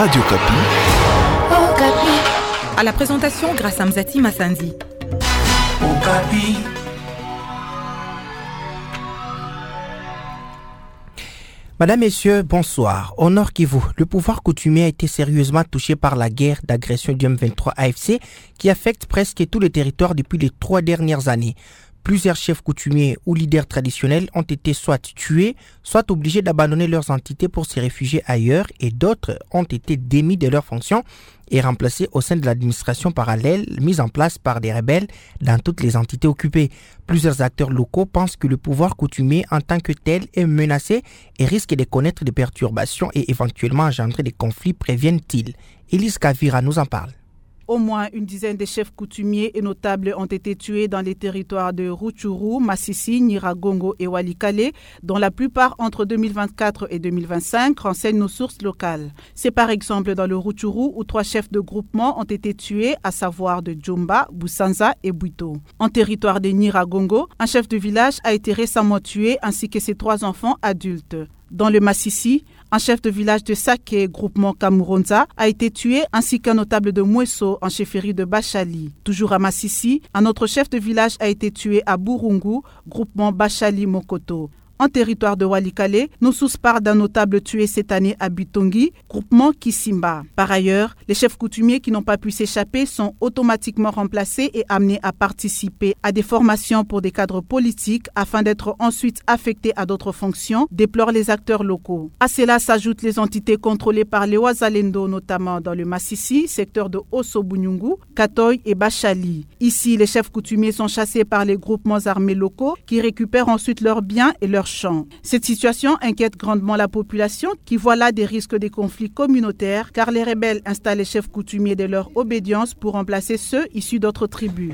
Radio À la présentation, grâce à Mzati Massandi. Madame, Messieurs, bonsoir. Honor qui Kivu, le pouvoir coutumier a été sérieusement touché par la guerre d'agression du M23 AFC qui affecte presque tout le territoire depuis les trois dernières années plusieurs chefs coutumiers ou leaders traditionnels ont été soit tués, soit obligés d'abandonner leurs entités pour se réfugier ailleurs et d'autres ont été démis de leurs fonctions et remplacés au sein de l'administration parallèle mise en place par des rebelles dans toutes les entités occupées. Plusieurs acteurs locaux pensent que le pouvoir coutumier en tant que tel est menacé et risque de connaître des perturbations et éventuellement engendrer des conflits, préviennent-ils. Elise Kavira nous en parle. Au moins une dizaine de chefs coutumiers et notables ont été tués dans les territoires de Rutshuru, Massissi, Niragongo et Walikale, dont la plupart entre 2024 et 2025, renseignent nos sources locales. C'est par exemple dans le Rutshuru où trois chefs de groupement ont été tués, à savoir de jumba Busanza et Buito. En territoire de Niragongo, un chef de village a été récemment tué ainsi que ses trois enfants adultes. Dans le Massissi, un chef de village de Saké, groupement Kamuronza, a été tué, ainsi qu'un notable de Mouesso, en chefferie de Bachali. Toujours à Massissi, un autre chef de village a été tué à Burungu, groupement Bachali-Mokoto en territoire de Walikale, nous souspare d'un notable tué cette année à Bitongi, groupement Kisimba. Par ailleurs, les chefs coutumiers qui n'ont pas pu s'échapper sont automatiquement remplacés et amenés à participer à des formations pour des cadres politiques afin d'être ensuite affectés à d'autres fonctions, déplorent les acteurs locaux. À cela s'ajoutent les entités contrôlées par les Wazalendo, notamment dans le Massissi, secteur de Osobunyungu, Katoy et Bachali. Ici, les chefs coutumiers sont chassés par les groupements armés locaux qui récupèrent ensuite leurs biens et leurs cette situation inquiète grandement la population qui voit là des risques de conflits communautaires car les rebelles installent les chefs coutumiers de leur obédience pour remplacer ceux issus d'autres tribus.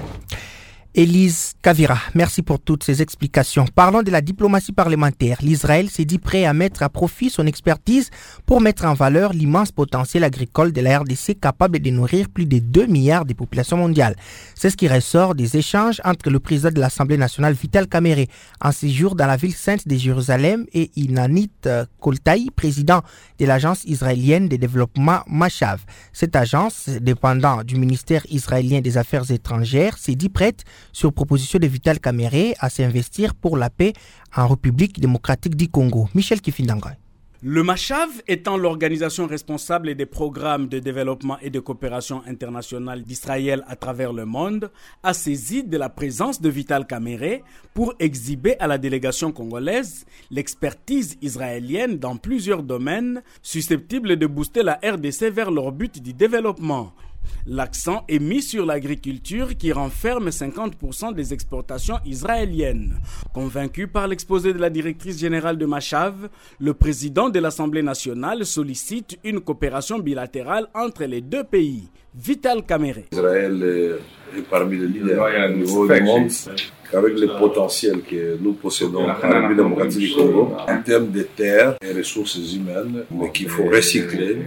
Élise Kavira, merci pour toutes ces explications. Parlons de la diplomatie parlementaire. L'Israël s'est dit prêt à mettre à profit son expertise pour mettre en valeur l'immense potentiel agricole de la RDC capable de nourrir plus de 2 milliards de populations mondiales. C'est ce qui ressort des échanges entre le président de l'Assemblée nationale Vital Kamere en séjour dans la ville sainte de Jérusalem et Inanit euh, Koltaï, président de l'agence israélienne de développement Machav. Cette agence, dépendant du ministère israélien des Affaires étrangères, s'est dit prête sur proposition de Vital Kamere à s'investir pour la paix en République démocratique du Congo. Michel Kifindanga. Le MACHAV étant l'organisation responsable des programmes de développement et de coopération internationale d'Israël à travers le monde, a saisi de la présence de Vital Kamere pour exhiber à la délégation congolaise l'expertise israélienne dans plusieurs domaines susceptibles de booster la RDC vers leur but du développement. L'accent est mis sur l'agriculture qui renferme 50% des exportations israéliennes. Convaincu par l'exposé de la directrice générale de Machav, le président de l'Assemblée nationale sollicite une coopération bilatérale entre les deux pays. Vital Kamere. Israël est parmi les leaders au niveau du monde avec le potentiel que nous possédons en en termes de terres et ressources humaines, mais qu'il faut recycler.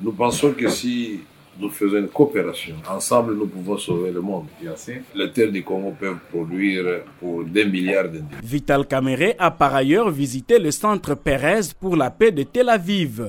Nous pensons que si nous faisons une coopération. Ensemble, nous pouvons sauver le monde. Les terres du Congo peuvent produire pour des milliards d'individus. Vital Kamere a par ailleurs visité le centre Pérez pour la paix de Tel Aviv.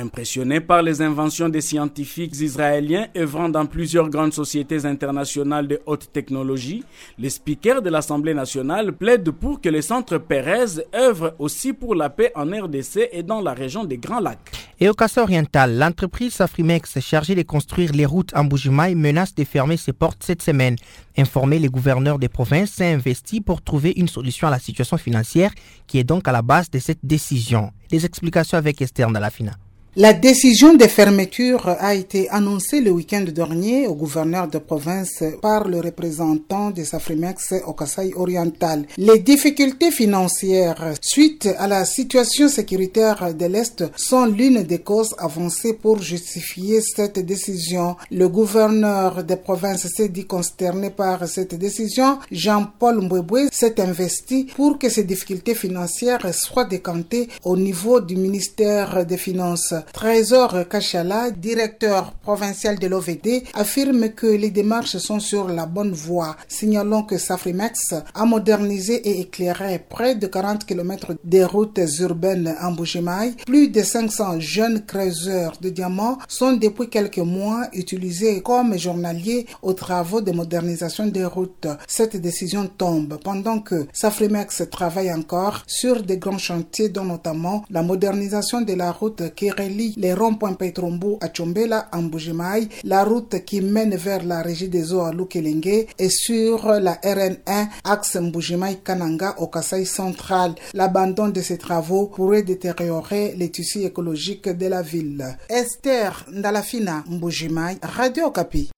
Impressionné par les inventions des scientifiques israéliens œuvrant dans plusieurs grandes sociétés internationales de haute technologie, les speakers de l'Assemblée nationale plaident pour que le centre Pérez œuvre aussi pour la paix en RDC et dans la région des Grands Lacs. Et au Cassa-Oriental, l'entreprise Afrimex, chargée de construire les routes en Boujimaï, menace de fermer ses portes cette semaine. Informé, les gouverneurs des provinces s'est investi pour trouver une solution à la situation financière qui est donc à la base de cette décision. Les explications avec Esther Nalafina. La décision de fermeture a été annoncée le week-end dernier au gouverneur de province par le représentant de Safrimex au Kassai oriental. Les difficultés financières suite à la situation sécuritaire de l'Est sont l'une des causes avancées pour justifier cette décision. Le gouverneur de province s'est dit consterné par cette décision. Jean-Paul Mbwebwe s'est investi pour que ces difficultés financières soient décantées au niveau du ministère des Finances. Trésor Kachala, directeur provincial de l'OVD, affirme que les démarches sont sur la bonne voie. signalant que Safrimex a modernisé et éclairé près de 40 km des routes urbaines en Bougimaï. Plus de 500 jeunes creuseurs de diamants sont depuis quelques mois utilisés comme journaliers aux travaux de modernisation des routes. Cette décision tombe pendant que Safrimex travaille encore sur des grands chantiers dont notamment la modernisation de la route Kéré les ronds-points Petrombo à Chombela, en Bujimaï, la route qui mène vers la régie des eaux à Lukelenge et sur la RN1, axe Mbujimaï-Kananga au Kasai central. L'abandon de ces travaux pourrait détériorer les tissus écologiques de la ville. Esther Ndalafina Mbujimaï, Radio Kapi.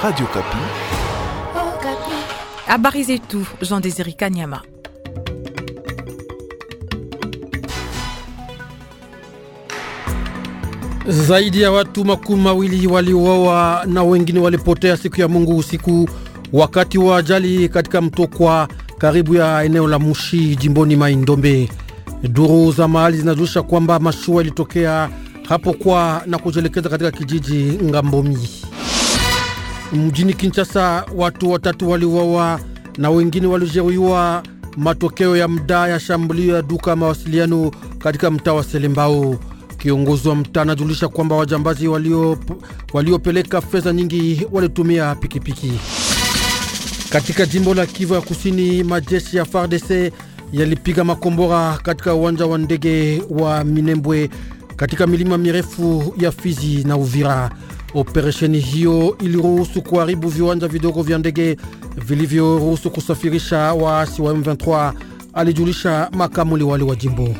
Radio Kapi. Ah, à Barizetou, Jean-Désiré Kanyama. Zaidi ya watu makumi mawili waliuawa na wengine walipotea siku ya Mungu usiku wakati wa ajali katika Mtokwa karibu ya eneo la Mushi jimboni Maindombe. Duru za mahali zinajulisha kwamba mashua ilitokea hapo kwa na kujielekeza katika kijiji Ngambomi. Mjini Kinshasa watu watatu waliuawa na wengine walijeruhiwa, matokeo ya mdaa ya shambulio ya duka mawasiliano katika mtaa wa Selembao. Kiongozi wa mtaa anajulisha kwamba wajambazi waliopeleka walio fedha nyingi walitumia pikipiki Katika jimbo la Kivu ya Kusini, majeshi ya FARDC yalipiga makombora katika uwanja wa ndege wa Minembwe katika milima mirefu ya Fizi na Uvira. Operesheni hiyo iliruhusu kuharibu viwanja vidogo vya ndege vilivyoruhusu kusafirisha waasi wa M23, alijulisha makamu liwali wa jimbo.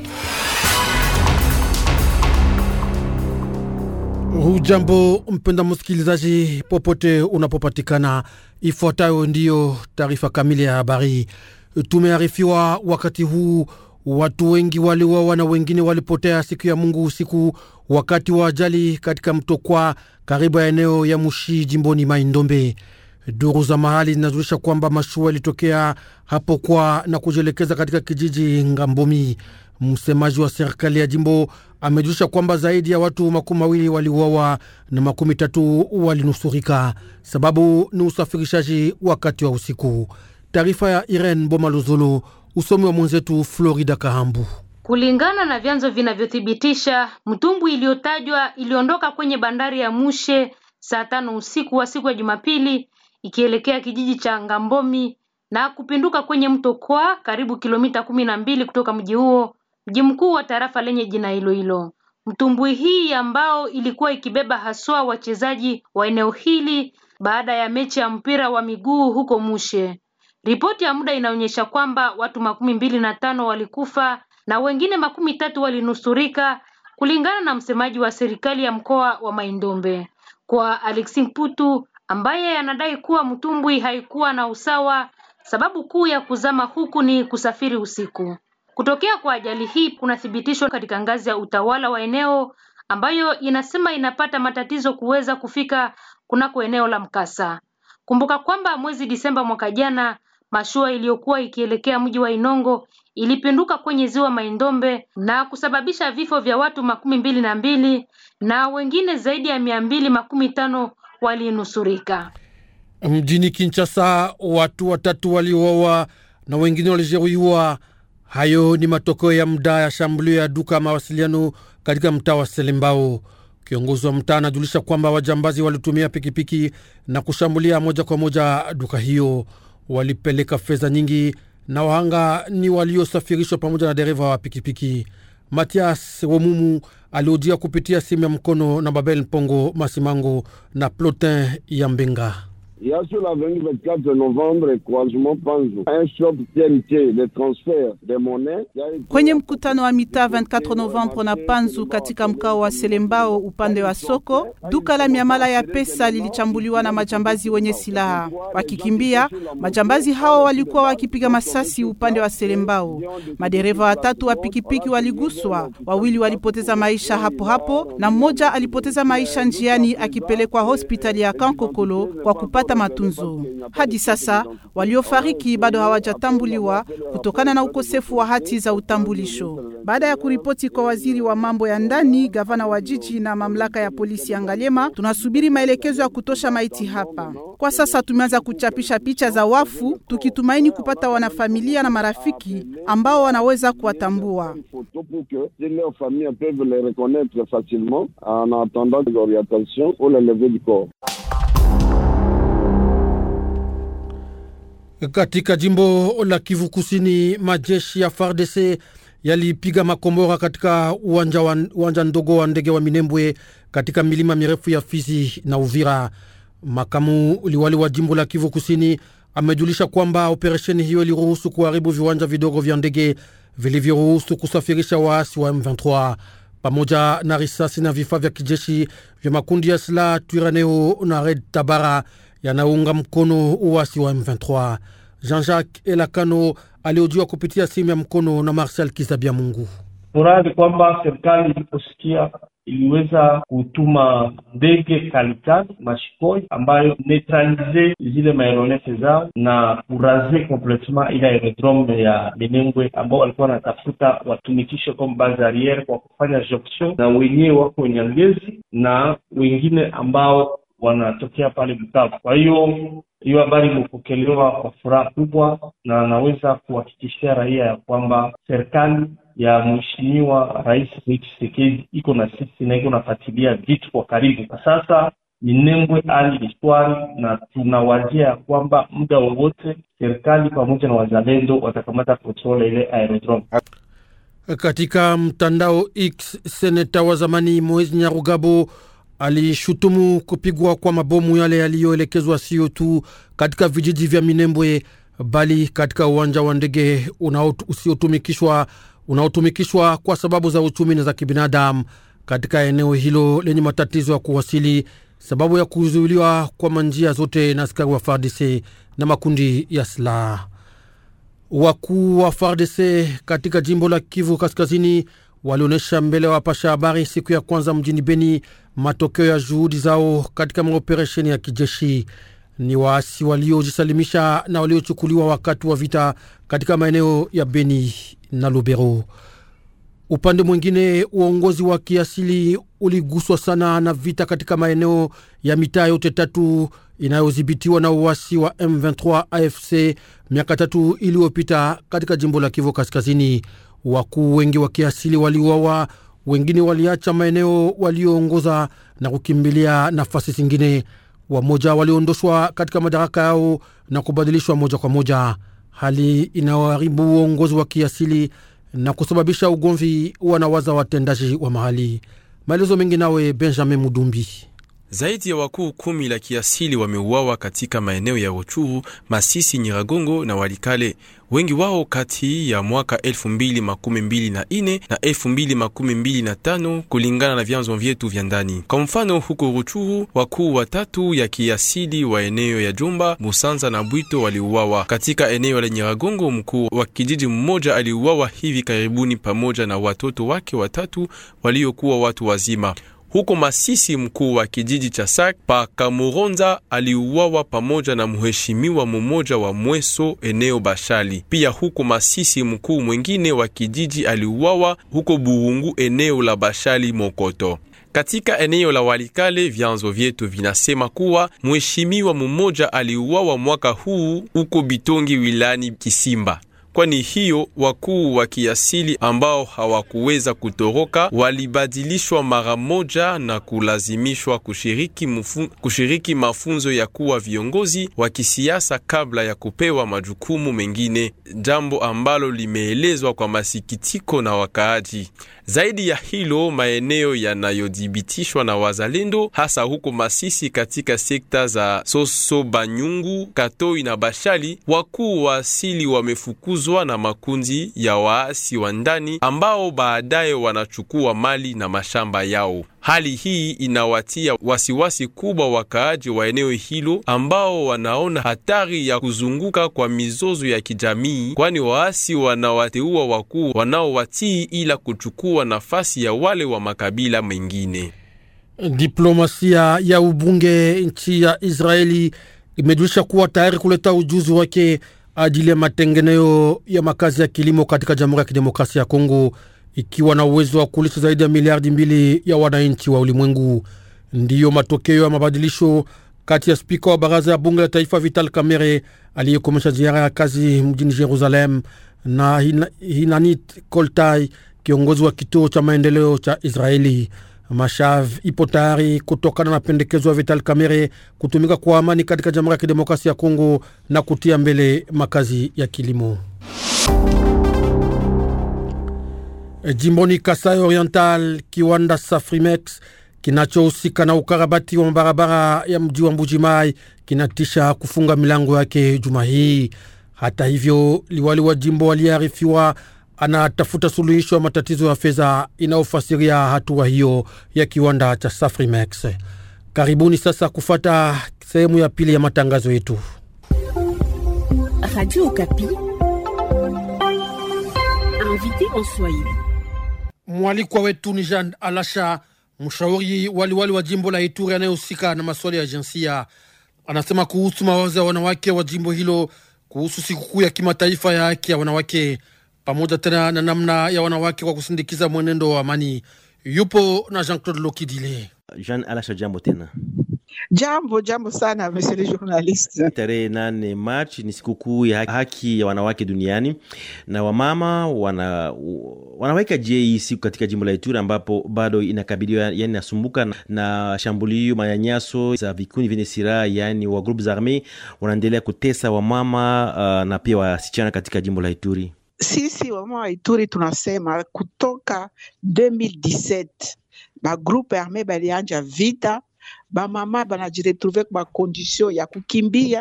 Hujambo mpenda msikilizaji, popote unapopatikana, ifuatayo ndiyo taarifa kamili ya habari. Tumearifiwa wakati huu watu wengi waliuawa na wengine walipotea siku ya Mungu usiku wakati wa ajali katika mto Kwa karibu ya eneo ya Mushi jimboni Maindombe. Duru za mahali zinajulisha kwamba mashua ilitokea hapo Kwa na kujielekeza katika kijiji Ngambomi. Msemaji wa serikali ya jimbo amejulisha kwamba zaidi ya watu makumi mawili waliuawa na makumi tatu walinusurika. Sababu ni usafirishaji wakati wa usiku. Taarifa ya Irene Bomaluzulu, usomi wa mwenzetu Florida Kahambu. Kulingana na vyanzo vinavyothibitisha, mtumbwi iliyotajwa iliondoka kwenye bandari ya Mushe saa tano usiku wa siku ya Jumapili ikielekea kijiji cha Ngambomi na kupinduka kwenye mto Kwa karibu kilomita kumi na mbili kutoka mji huo mji mkuu wa tarafa lenye jina hilo hilo. Mtumbwi hii ambao ilikuwa ikibeba haswa wachezaji wa eneo hili baada ya mechi ya mpira wa miguu huko Mushe. Ripoti ya muda inaonyesha kwamba watu makumi mbili na tano walikufa na wengine makumi tatu walinusurika kulingana na msemaji wa serikali ya mkoa wa Maindombe. Kwa Alexi Mputu ambaye anadai kuwa mtumbwi haikuwa na usawa, sababu kuu ya kuzama huku ni kusafiri usiku. Kutokea kwa ajali hii kunathibitishwa katika ngazi ya utawala wa eneo ambayo inasema inapata matatizo kuweza kufika kunako eneo la mkasa. Kumbuka kwamba mwezi Disemba mwaka jana mashua iliyokuwa ikielekea mji wa Inongo ilipinduka kwenye ziwa Maindombe na kusababisha vifo vya watu makumi mbili na mbili na wengine zaidi ya mia mbili makumi tano walinusurika. Mjini Kinshasa watu watatu waliuawa na wengine walijeruhiwa Hayo ni matokeo ya muda ya shambulio ya duka mawasiliano katika mtaa wa Selimbao. Kiongozi wa mtaa anajulisha kwamba wajambazi walitumia pikipiki na kushambulia moja kwa moja duka hiyo. Walipeleka fedha nyingi na wahanga ni waliosafirishwa pamoja na dereva wa pikipiki. Matias Womumu alihojiwa kupitia simu ya mkono na Babel Mpongo Masimango na Plotin ya mbinga Il y a sur la 24 Novembre un le transfert des monnaies. Kwenye mkutano wa mitaa 24 Novembre na Panzu katika mkao wa Selembao upande wa soko, duka la miamala ya pesa lilichambuliwa na majambazi wenye silaha. Wakikimbia, majambazi hao walikuwa wakipiga masasi upande wa Selembao. Madereva watatu wa pikipiki waliguswa, wawili walipoteza maisha hapo hapo na mmoja alipoteza maisha njiani akipelekwa hospitali ya Kankokolo kwa kupata kupata matunzo. Hadi sasa waliofariki bado hawajatambuliwa kutokana na ukosefu wa hati za utambulisho. Baada ya kuripoti kwa waziri wa mambo ya ndani, gavana wa jiji na mamlaka ya polisi ya Ngaliema, tunasubiri maelekezo ya kutosha maiti hapa. Kwa sasa tumeanza kuchapisha picha za wafu, tukitumaini kupata wanafamilia na marafiki ambao wanaweza kuwatambua. Ah, Katika jimbo la Kivu Kusini, majeshi ya FARDC yalipiga makombora katika uwanja, wa, uwanja ndogo wa ndege wa Minembwe katika milima mirefu ya Fizi na Uvira. Makamu liwali wa jimbo la Kivu Kusini amejulisha kwamba operesheni hiyo iliruhusu kuharibu viwanja vidogo vya ndege vilivyoruhusu kusafirisha waasi wa M23 pamoja na risasi na vifaa vya kijeshi vya makundi ya silaha Twiraneo na Red Tabara yanaunga mkono uasi wa M23. Jean-Jacques Elakano aliojiwa kupitia simu ya mkono na marshal Kisabia Mungu. Furaha ni kwamba serikali iliposikia iliweza kutuma ndege kalitani Mashikoi ambayo neutralize zile maerolese zao na kuraze completement ile aerodrome ya Minembwe ambao walikuwa wanatafuta watumikishe kama base arriere kwa kufanya jonction na wenyewe wako Nyangezi na wengine ambao wanatokea pale Bukavu. Kwa hiyo hiyo habari imepokelewa kwa furaha kubwa, na anaweza kuhakikishia raia ya kwamba serikali ya Mheshimiwa Rais Tshisekedi iko na sisi na iko nafuatilia vitu kwa karibu. Kwa sasa Minembwe ali ni shwari, na tunawajia ya kwamba muda wowote serikali pamoja na wazalendo watakamata kontrola ile aerodrome. Katika mtandao X, seneta wa zamani Moise Nyarugabo alishutumu kupigwa kwa mabomu yale yaliyoelekezwa sio tu katika vijiji vya Minembwe bali katika uwanja wa ndege usiotumikishwa unaotumikishwa kwa sababu za uchumi na za kibinadamu katika eneo hilo lenye matatizo ya kuwasili, sababu ya kuzuiliwa kwa manjia zote na askari wa FARDC na makundi ya silaha. Wakuu wa FARDC katika jimbo la Kivu Kaskazini walionyesha mbele ya wapasha habari siku ya kwanza mjini Beni matokeo ya juhudi zao katika maoperesheni ya kijeshi. Ni waasi waliojisalimisha na waliochukuliwa wakati wa vita katika maeneo ya Beni na Lubero. Upande mwingine, uongozi wa kiasili uliguswa sana na vita katika maeneo ya mitaa yote tatu inayodhibitiwa na uasi wa M23 AFC miaka tatu iliyopita katika jimbo la Kivu Kaskazini. Wakuu wengi wa kiasili waliuawa, wengine waliacha maeneo walioongoza na kukimbilia nafasi zingine. Wamoja waliondoshwa katika madaraka yao na kubadilishwa moja kwa moja, hali inayoharibu uongozi wa kiasili na kusababisha ugomvi wanawaza watendaji wa mahali. Maelezo mengi nawe Benjamin Mudumbi. Zaidi ya wakuu kumi la kiasili wameuawa katika maeneo ya Ruchuru, Masisi, Nyiragongo na Walikale, wengi wao kati ya mwaka 2024 na 225 kulingana na vyanzo vyetu vya ndani. Kwa mfano, huko Ruchuru wakuu watatu ya kiasili wa eneo ya jumba Musanza na Bwito waliuawa. Katika eneo la Nyiragongo, mkuu wa kijiji mmoja aliuawa hivi karibuni pamoja na watoto wake watatu waliokuwa watu wazima. Huko Masisi, mkuu wa kijiji cha Sak pa Kamuronza aliuawa pamoja na mheshimiwa mmoja wa Mweso eneo Bashali. Pia huko Masisi, mkuu mwengine wa kijiji aliuawa huko Buhungu eneo la Bashali Mokoto. Katika eneo la Walikale vyanzo vyetu vinasema kuwa mheshimiwa mmoja aliuawa mwaka huu huko Bitongi wilani Kisimba kwani hiyo wakuu wa kiasili ambao hawakuweza kutoroka walibadilishwa mara moja na kulazimishwa kushiriki, kushiriki mafunzo ya kuwa viongozi wa kisiasa kabla ya kupewa majukumu mengine, jambo ambalo limeelezwa kwa masikitiko na wakaaji. Zaidi ya hilo, maeneo yanayodhibitishwa na wazalendo hasa huko Masisi katika sekta za Soso, Banyungu, Katoi na Bashali, wakuu wa asili wamefukuzwa wanaongozwa na makundi ya waasi wa ndani ambao baadaye wanachukua mali na mashamba yao. Hali hii inawatia wasiwasi kubwa wakaaji wa eneo hilo ambao wanaona hatari ya kuzunguka kwa mizozo ya kijamii, kwani waasi wanawateua wakuu wanaowatii ila kuchukua nafasi ya wale wa makabila mengine. Diplomasia ya ubunge nchi ya Israeli imejulisha kuwa tayari kuleta ujuzi wake ajili ya matengenezo ya makazi ya kilimo katika Jamhuri ya Kidemokrasia ya Kongo, ikiwa na uwezo wa kulisha zaidi ya miliardi mbili ya wananchi wa ulimwengu. Ndiyo matokeo ya mabadilisho kati ya spika wa baraza ya bunge la taifa Vital Kamerhe aliyekomesha ziara ya kazi mjini Jerusalem na Hinanit Koltai, kiongozi wa kituo cha maendeleo cha Israeli. Mashav ipo tayari kutokana na pendekezo ya Vital Kamerhe kutumika kwa amani katika Jamhuri ya Kidemokrasia ya Kongo na kutia mbele makazi ya kilimo. Jimboni Kasai Oriental, kiwanda Safrimex kinachohusika na ukarabati wa barabara ya mji wa Mbujimai kinatisha kufunga milango yake juma hii. Hata hivyo, liwali wa jimbo waliarifiwa anatafuta suluhisho ya matatizo ya fedha inayofasiria hatua hiyo ya kiwanda cha Safrimax. Karibuni sasa kufata sehemu ya pili ya matangazo yetu. Mwalikwa wetu ni Jean Alasha, mshauri waliwali wa jimbo la Ituri anayehusika na masuala ya jinsia. Anasema kuhusu mawazo ya wanawake wa jimbo hilo kuhusu sikukuu ya kimataifa ya haki ya wanawake pamoja tena na namna ya wanawake kwa kusindikiza mwenendo wa amani. Yupo na Jean Claude Lokidile. Jean Alasha, jambo tena. Jambo jambo sana monsieur le journaliste. Tarehe nane Machi ni sikukuu ya haki ya wanawake duniani, na wamama wana wanaweka je hii siku katika jimbo la Ituri ambapo bado inakabiliwa yani nasumbuka na shambulio, manyanyaso za vikundi vyenye silaha yani wa groupes arme wanaendelea kutesa wamama uh, na pia wasichana katika jimbo la Ituri sisi wamama wa Ituri tunasema kutoka 2017 magrupe arme balianja vita bamama banajiretrouve ku bakondition ya kukimbia,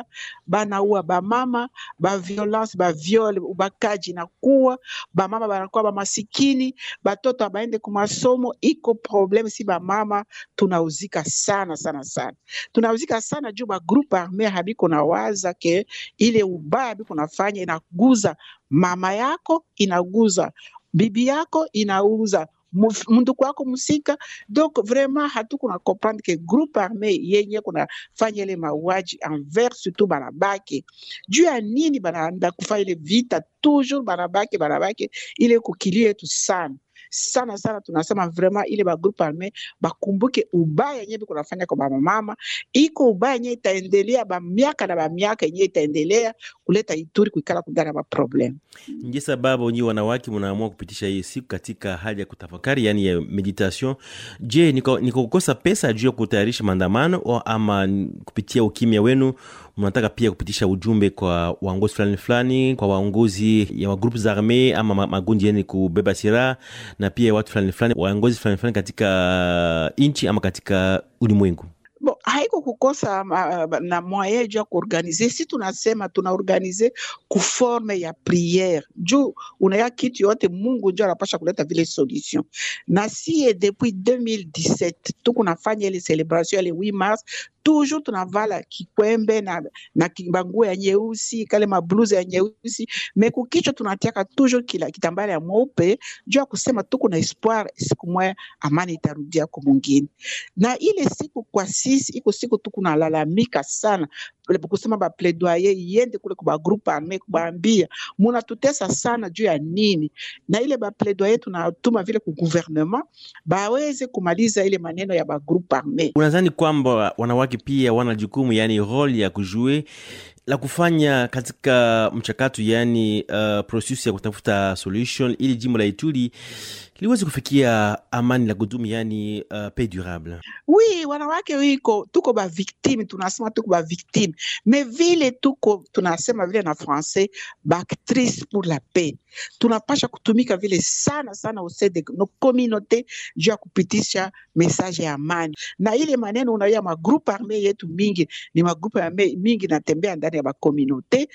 banaua bamama, baviolence, baviole, ubakaji nakuwa, bamama banakuwa bamasikini, batoto abaende kumasomo Iko problem si bamama tunauzika sana sana sana, tunauzika sana juu bagroupe arme habiko na waza ke ile ubaya habiko nafanya inaguza mama yako, inaguza bibi yako, inauza mnduku wako musika Donc vraiment hatuko na comprendre groupe arme yenye kunafanya ile mauaji envers surtout banabake juu ya nini banaenda kufanya ile vita toujours banabake banabake ile kukili yetu sana sana sana tunasema vrema ile bagrup arme bakumbuke ubaya yenye biko nafanya kwa bamamama, iko ubaya yenye itaendelea bamiaka na bamiaka yenye itaendelea kuleta Ituri kuikala ba problem Nje sababu nyi wanawake mnaamua kupitisha hii siku katika hali ya kutafakari, yani ya meditation. Je, niko kukosa pesa juu ya kutayarisha maandamano ama kupitia ukimya wenu mnataka pia kupitisha ujumbe kwa waongozi fulani fulani, kwa waongozi ya magrupu za arme ama magundi yenye kubeba siraha na pia watu fulani fulani, waongozi fulani fulani katika uh, nchi ama katika ulimwengu? Bo, haiko kukosa ma, na moyen juu ya kuorganize. Si tunasema tunaorganize kuforme ya priere juu unaya kitu yote, Mungu njo anapasha kuleta vile solution, na siye eh, depuis 2017 nafanya ile celebration ile 8 mars toujours tunavala kikwembe na, na banguo ya nyeusi kale mabluze ya nyeusi me kukichwa tunatiaka toujours kila kitambala ya mweupe juu ya kusema tuko na espoir siku moya amani itarudia kwa mwingine. Na ile siku kwa sisi iko siku tukunalalamika sana kusema bapledoye iende kule kuba groupe arme kubaambia munatutesa sana juu ya nini, na ile bapledoye tunatuma vile ku gouvernement baweze kumaliza ile maneno ya ba groupe arme. Unadhani kwamba wanawake pia wana jukumu, yani role ya kujue la kufanya katika mchakato yani uh, process ya kutafuta solution ili jimbo la Ituri liweze kufikia amani la kudumu yani uh, paix durable. Oui, wanawake wiko tuko ba victime, tunasema tuko ba victime me vile tuko tunasema vile na français bactrice pour la paix, tunapasha kutumika vile sana sana usede no communauté juu ya kupitisha message ya amani, na ile maneno unaoya magrupu arme yetu mingi ni magrupu arme mingi natembea ndani ya bakommunauté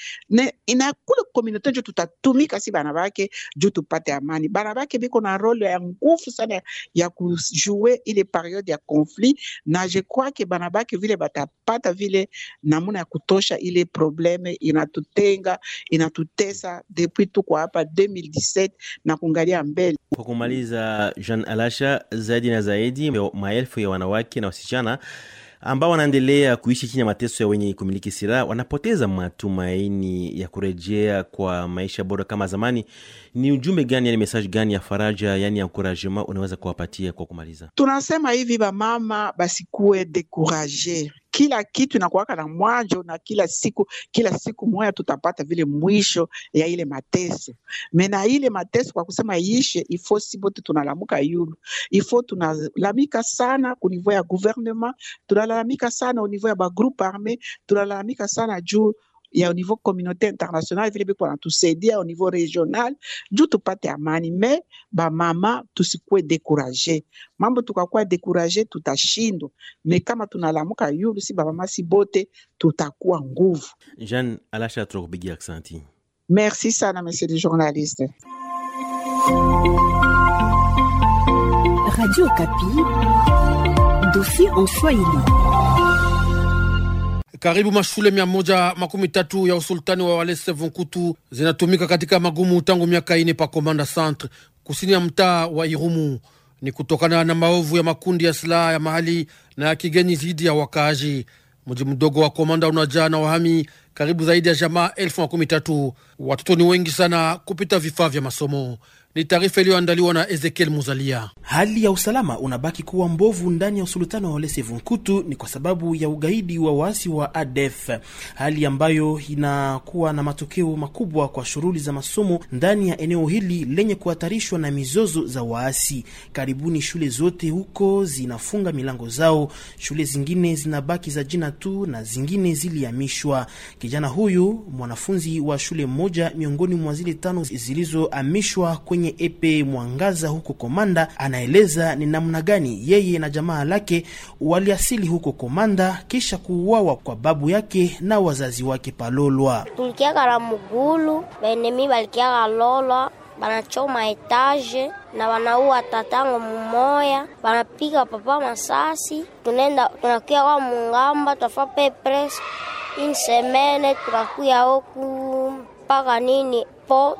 inakule communauté njo tutatumika si bana bake juu tupate amani. Bana bake biko na role ya ngufu sana ya kujue ile periode ya conflit, na je crois ke bana bake vile batapata vile namuna ya kutosha ile probleme inatutenga inatutesa depuis tuko hapa 2017 na kungalia mbele. Kwa kumaliza, Jean Alasha, zaidi na zaidi maelfu ya wanawake na wasichana ambao wanaendelea kuishi chini ya mateso ya wenye kumiliki silaha wanapoteza matumaini ya kurejea kwa maisha bora kama zamani. Ni ujumbe gani, yani mesaji gani ya faraja, yani ya encouragement unaweza kuwapatia kwa kumaliza? Tunasema hivi, bamama basikuwe dekuraje kila kitu inakuwaka na mwanjo na kila siku, kila siku moja tutapata vile mwisho ya ile mateso me na ile mateso kwa kusema ishe ifo, si bote tunalamuka yulu ifo, tunalamika sana ku niveau ya gouvernement, tunalalamika sana au niveau ya ba groupe arme, tunalalamika sana juu ya au niveau communautaire international vile biko wanatusaidia au niveau régional, regional juu tupate amani. Me bamama tusikuwe dekuraje, mambo tukakuwa dekuraje tutashindwa. mais kama bah, tu tunalamuka yulu si ba mama si bote tout tutakuwa nguvu. Jeanne alasha trokupigia accenti. Merci sana monsieur le journaliste. Radio Kapi, dossier en Swahili. Karibu mashule mia moja makumi tatu ya usultani wa Walese Vonkutu zinatumika katika magumu tangu miaka ine pa Komanda Centre kusini ya mtaa wa Irumu. Ni kutokana na maovu ya makundi ya silaha ya mahali na ya kigeni dhidi ya wakaaji. Mji mdogo wa Komanda unajaa na wahami karibu zaidi ya jamaa elfu makumi tatu. Watoto ni wengi sana kupita vifaa vya masomo. Ni taarifa iliyoandaliwa na Ezekiel Muzalia. Hali ya usalama unabaki kuwa mbovu ndani ya usultani wa Walese Vunkutu ni kwa sababu ya ugaidi wa waasi wa ADF, hali ambayo inakuwa na matokeo makubwa kwa shughuli za masomo ndani ya eneo hili lenye kuhatarishwa na mizozo za waasi. Karibuni shule zote huko zinafunga milango zao, shule zingine zinabaki za jina tu na zingine zilihamishwa. Kijana huyu mwanafunzi wa shule moja miongoni mwa zile tano zilizohamishwa kwenye epe Mwangaza huko Komanda, anaeleza ni namna gani yeye na jamaa lake waliasili huko Komanda kisha kuuawa kwa babu yake na wazazi wake Palolwa. Tulikiaka la mugulu benemi balikiaka lolwa banachoma etaje na wanaua tatango mumoya, banapika papa masasi. Tunaenda tunakia kwa mungamba tafape press in semene, tra cui a Paganini, Po,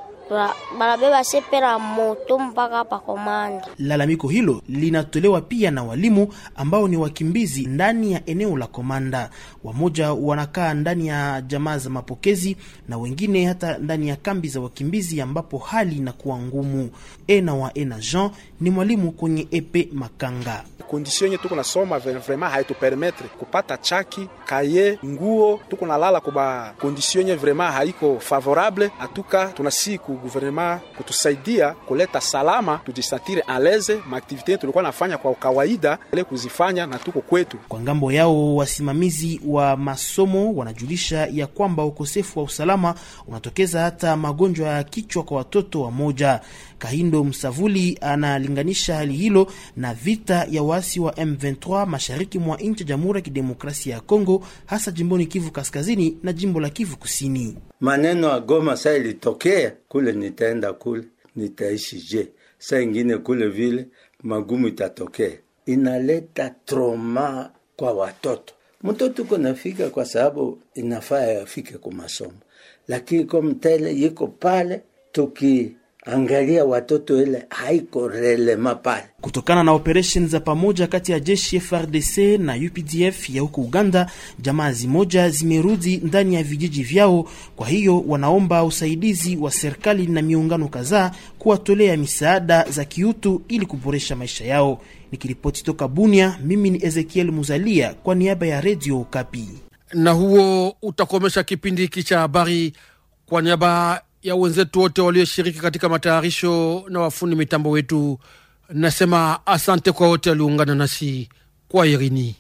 banabeba sepe moto mpaka hapa Komanda. Lalamiko hilo linatolewa pia na walimu ambao ni wakimbizi ndani ya eneo la Komanda. Wamoja wanakaa ndani ya jamaa za mapokezi na wengine hata ndani ya kambi za wakimbizi ambapo hali inakuwa ngumu. Ena wa Ena Jean ni mwalimu kwenye epe Makanga. Kondisio yenye tuko nasoma vraiment haitupermetre kupata chaki kaye nguo, tuko nalala kuba kondisio yenye vraiment haiko favorable, atuka tunasiku guvernema kutusaidia kuleta salama, tujisatire aleze maaktivite tulikuwa nafanya kwa kawaida, ile kuzifanya na tuko kwetu. Kwa ngambo yao, wasimamizi wa masomo wanajulisha ya kwamba ukosefu wa usalama unatokeza hata magonjwa ya kichwa kwa watoto wa moja. Kahindo Msavuli analinganisha hali hilo na vita ya waasi wa M23 mashariki mwa nchi ya Jamhuri ya Kidemokrasia ya Kongo, hasa jimboni Kivu Kaskazini na jimbo la Kivu Kusini. Maneno ya Goma saa ilitokea kule kule nitaenda kule nitaishije? Sa ingine kule vile magumu itatokea, inaleta troma kwa watoto. Mtoto uko nafika kwa sababu inafaa afike kwa masomo, lakini komtele yiko pale tuki angalia watoto ile haiko relema pale. Kutokana na operesheni za pamoja kati ya jeshi FRDC na UPDF ya huko Uganda, jamaa zimoja zimerudi ndani ya vijiji vyao. Kwa hiyo wanaomba usaidizi wa serikali na miungano kadhaa kuwatolea misaada za kiutu ili kuboresha maisha yao. Nikiripoti toka Bunia, mimi ni Ezekiel Muzalia kwa niaba ya Redio Kapi, na huo utakomesha kipindi hiki cha habari kwa niaba ya wenzetu wote walioshiriki katika matayarisho na wafundi mitambo wetu. Nasema asante kwa wote walioungana nasi kwa Irini.